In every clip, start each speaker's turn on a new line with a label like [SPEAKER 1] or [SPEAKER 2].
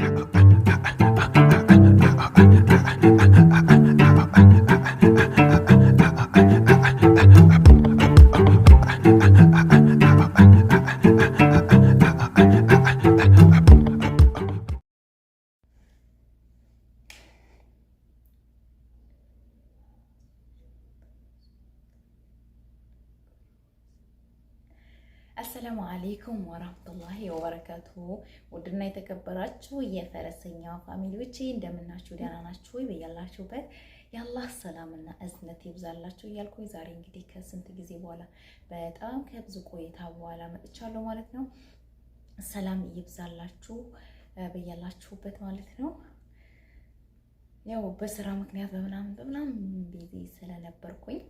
[SPEAKER 1] Uh, uh, uh. አሰላሙ አሌይኩም ወራህመቱላሂ ወበረካቱ። ውድና የተከበራችሁ የፈረሰኛዋ ፋሚሊዎች እንደምናችሁ ደህና ናችሁ ወይ? በያላችሁበት የአላህ ሰላምና እዝነት ይብዛላችሁ እያልኩኝ ዛሬ እንግዲህ ከስንት ጊዜ በኋላ በጣም ከብዙ ቆይታ በኋላ መጥቻለሁ ማለት ነው። ሰላም ይብዛላችሁ በያላችሁበት ማለት ነው። ያው በስራ ምክንያት በምናምን በምናምን ቢዚ ስለነበርኩኝ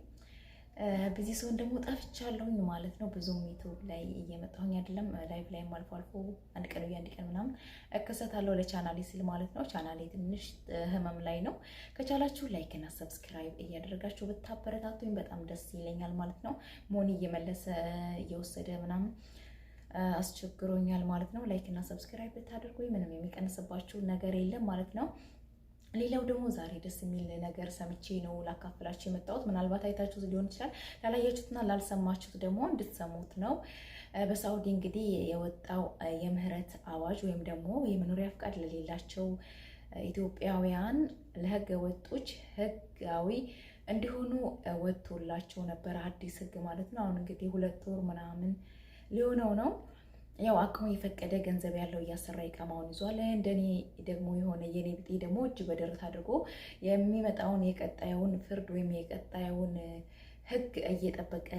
[SPEAKER 1] ብዙ ሰውን ደግሞ ጠፍቻለሁኝ ማለት ነው። ብዙም ዩቱብ ላይ እየመጣሁኝ አይደለም። ላይቭ ላይም አልፎ አልፎ አንድ ቀን ወይ አንድ ቀን ምናምን እከሰታለሁ ለቻናሌ ስል ማለት ነው። ቻናሌ ትንሽ ህመም ላይ ነው። ከቻላችሁ ላይክ እና ሰብስክራይብ እያደረጋችሁ ብታበረታቱኝ በጣም ደስ ይለኛል ማለት ነው። ሞኒ እየመለሰ እየወሰደ ምናምን አስቸግሮኛል ማለት ነው። ላይክ እና ሰብስክራይብ ብታደርጉኝ ምንም የሚቀንስባችሁ ነገር የለም ማለት ነው። ሌላው ደግሞ ዛሬ ደስ የሚል ነገር ሰምቼ ነው ላካፍላችሁ የመጣሁት። ምናልባት አይታችሁት ሊሆን ይችላል። ላላያችሁትና ላልሰማችሁት ደግሞ እንድትሰሙት ነው። በሳውዲ እንግዲህ የወጣው የምህረት አዋጅ ወይም ደግሞ የመኖሪያ ፍቃድ ለሌላቸው ኢትዮጵያውያን ለህገ ወጦች ህጋዊ እንዲሆኑ ወጥቶላቸው ነበር። አዲስ ህግ ማለት ነው። አሁን እንግዲህ ሁለት ወር ምናምን ሊሆነው ነው ያው አቅሙ የፈቀደ ገንዘብ ያለው እያሰራ ይቀማውን ይዟል። እንደኔ ደግሞ የሆነ የኔ ብጤ ደግሞ እጅ በደረት አድርጎ የሚመጣውን የቀጣዩን ፍርድ ወይም የቀጣዩን ህግ እየጠበቀ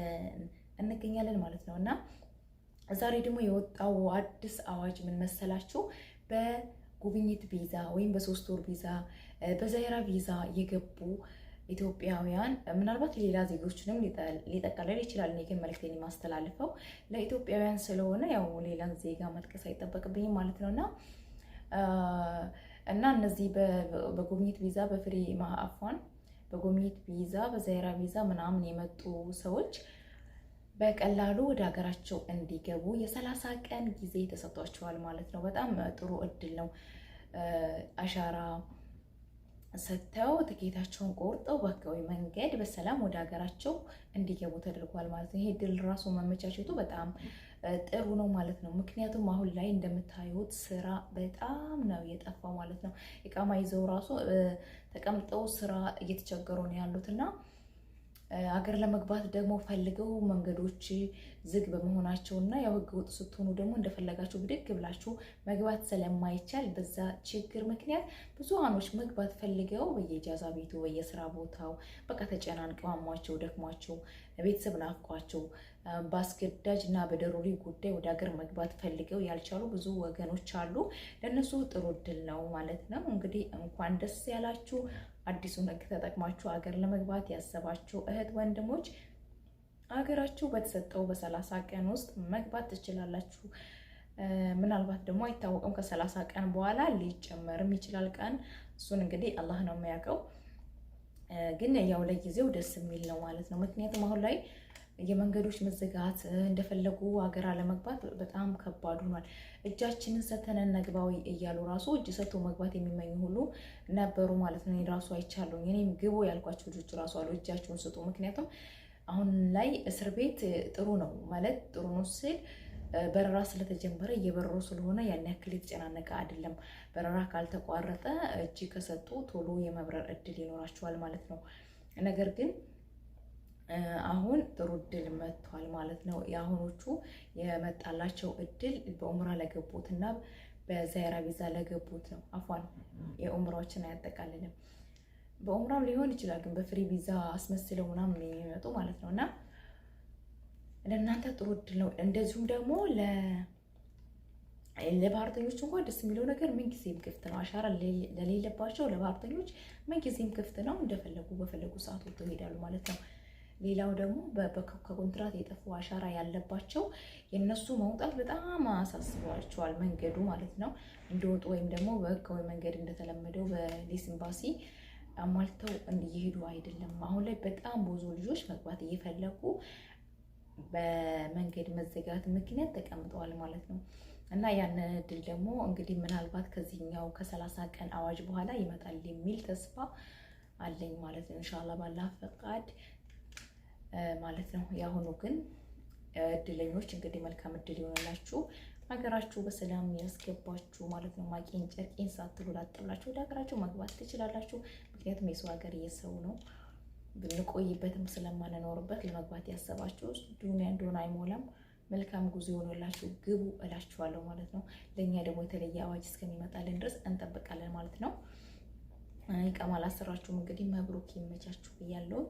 [SPEAKER 1] እንገኛለን ማለት ነው እና ዛሬ ደግሞ የወጣው አዲስ አዋጅ ምን መሰላችሁ? በጉብኝት ቪዛ ወይም በሶስት ወር ቪዛ፣ በዛይራ ቪዛ የገቡ ኢትዮጵያውያን ምናልባት ሌላ ዜጎችንም ሊጠቃልል ይችላል። እኔ ግን መልእክቴን የማስተላልፈው ለኢትዮጵያውያን ስለሆነ ያው ሌላን ዜጋ መጥቀስ አይጠበቅብኝም ማለት ነው እና እና እነዚህ በጉብኝት ቪዛ በፍሪ ማአፏን በጉብኝት ቪዛ በዛይራ ቪዛ ምናምን የመጡ ሰዎች በቀላሉ ወደ ሀገራቸው እንዲገቡ የሰላሳ ቀን ጊዜ ተሰጥቷቸዋል ማለት ነው። በጣም ጥሩ እድል ነው አሻራ ሰጥተው ትኬታቸውን ቆርጠው በህጋዊ መንገድ በሰላም ወደ ሀገራቸው እንዲገቡ ተደርጓል ማለት ነው። ይሄ ድል ራሱ መመቻቸቱ በጣም ጥሩ ነው ማለት ነው። ምክንያቱም አሁን ላይ እንደምታዩት ስራ በጣም ነው የጠፋው ማለት ነው። እቃማ ይዘው ራሱ ተቀምጠው ስራ እየተቸገሩ ነው ያሉትና። አገር ለመግባት ደግሞ ፈልገው መንገዶች ዝግ በመሆናቸው እና ያው ህገ ወጥ ስትሆኑ ደግሞ እንደፈለጋችሁ ብድግ ብላችሁ መግባት ስለማይቻል በዛ ችግር ምክንያት ብዙሃኖች መግባት ፈልገው በየጃዛ ቤቱ በየስራ ቦታው በቃ ተጨናንቀው አሟቸው ደክሟቸው ቤተሰብ ናፍቋቸው በአስገዳጅ እና በደሩሪ ጉዳይ ወደ ሀገር መግባት ፈልገው ያልቻሉ ብዙ ወገኖች አሉ። ለእነሱ ጥሩ እድል ነው ማለት ነው። እንግዲህ እንኳን ደስ ያላችሁ። አዲሱን ሕግ ተጠቅማችሁ አገር ለመግባት ያሰባችሁ እህት ወንድሞች አገራችሁ በተሰጠው በሰላሳ ቀን ውስጥ መግባት ትችላላችሁ። ምናልባት ደግሞ አይታወቅም። ከሰላሳ ቀን በኋላ ሊጨመርም ይችላል ቀን። እሱን እንግዲህ አላህ ነው የሚያውቀው። ግን ያው ለጊዜው ደስ የሚል ነው ማለት ነው። ምክንያቱም አሁን ላይ የመንገዶች መዘጋት እንደፈለጉ ሀገር አለመግባት በጣም ከባድ ሆኗል። እጃችንን ሰተነን ነግባዊ እያሉ ራሱ እጅ ሰቶ መግባት የሚመኙ ሁሉ ነበሩ ማለት ነው። ራሱ አይቻለሁ። እኔም ግቡ ያልኳቸው ልጆች ራሱ አሉ እጃቸውን ስጡ። ምክንያቱም አሁን ላይ እስር ቤት ጥሩ ነው ማለት ጥሩ ነው ስል በረራ ስለተጀመረ እየበረሩ ስለሆነ ያን ያክል የተጨናነቀ አይደለም። በረራ ካልተቋረጠ እጅ ከሰጡ ቶሎ የመብረር እድል ይኖራቸዋል ማለት ነው ነገር ግን አሁን ጥሩ እድል መጥቷል ማለት ነው። የአሁኖቹ የመጣላቸው እድል በኡምራ ለገቡት እና በዛይራ ቪዛ ለገቡት ነው። አፏን የኡምራዎችን አያጠቃልልም። በኡምራም ሊሆን ይችላል፣ ግን በፍሪ ቪዛ አስመስለው ምናምን የሚመጡ ማለት ነው እና ለእናንተ ጥሩ እድል ነው። እንደዚሁም ደግሞ ለባህርተኞች እንኳን ደስ የሚለው ነገር ምንጊዜም ክፍት ነው። አሻራ ለሌለባቸው ለባህርተኞች ምንጊዜም ክፍት ነው። እንደፈለጉ በፈለጉ ሰዓት ይሄዳሉ ማለት ነው። ሌላው ደግሞ ከኮንትራት የጠፉ አሻራ ያለባቸው የነሱ መውጣት በጣም አሳስቧቸዋል፣ መንገዱ ማለት ነው እንደወጡ ወይም ደግሞ በህጋዊ መንገድ እንደተለመደው በሌስ ኤምባሲ አሟልተው እየሄዱ አይደለም። አሁን ላይ በጣም ብዙ ልጆች መግባት እየፈለጉ በመንገድ መዘጋት ምክንያት ተቀምጠዋል ማለት ነው። እና ያን እድል ደግሞ እንግዲህ ምናልባት ከዚህኛው ከሰላሳ ቀን አዋጅ በኋላ ይመጣል የሚል ተስፋ አለኝ ማለት ነው። እንሻላ ባላ ፈቃድ ማለት ነው። የአሁኑ ግን እድለኞች እንግዲህ መልካም እድል ይሆንላችሁ፣ ሀገራችሁ በሰላም ያስገባችሁ ማለት ነው። ማቄን ጨርቄን ሳትሉ ላጥብላችሁ ወደ ሀገራችሁ መግባት ትችላላችሁ። ምክንያቱም የሰው ሀገር እየሰው ነው፣ ብንቆይበትም ስለማንኖርበት ለመግባት ያሰባችሁ ዱኒያ እንደሆነ አይሞላም። መልካም ጉዞ ይሆንላችሁ፣ ግቡ እላችኋለሁ ማለት ነው። ለእኛ ደግሞ የተለየ አዋጅ እስከሚመጣልን ድረስ እንጠብቃለን ማለት ነው። ይቀማል አስራችሁም እንግዲህ መብሩክ ይመቻችሁ ብያለሁ።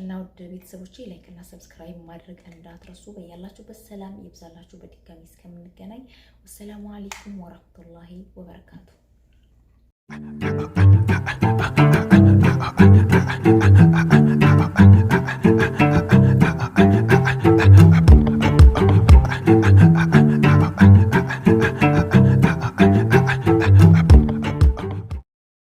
[SPEAKER 1] እና ውድ ቤተሰቦች ላይክ እና ሰብስክራይብ ማድረግ እንዳትረሱ። በያላችሁበት ሰላም ይብዛላችሁ። በድጋሚ እስከምንገናኝ ወሰላሙ አሌይኩም ወራህመቱላሂ ወበረካቱ።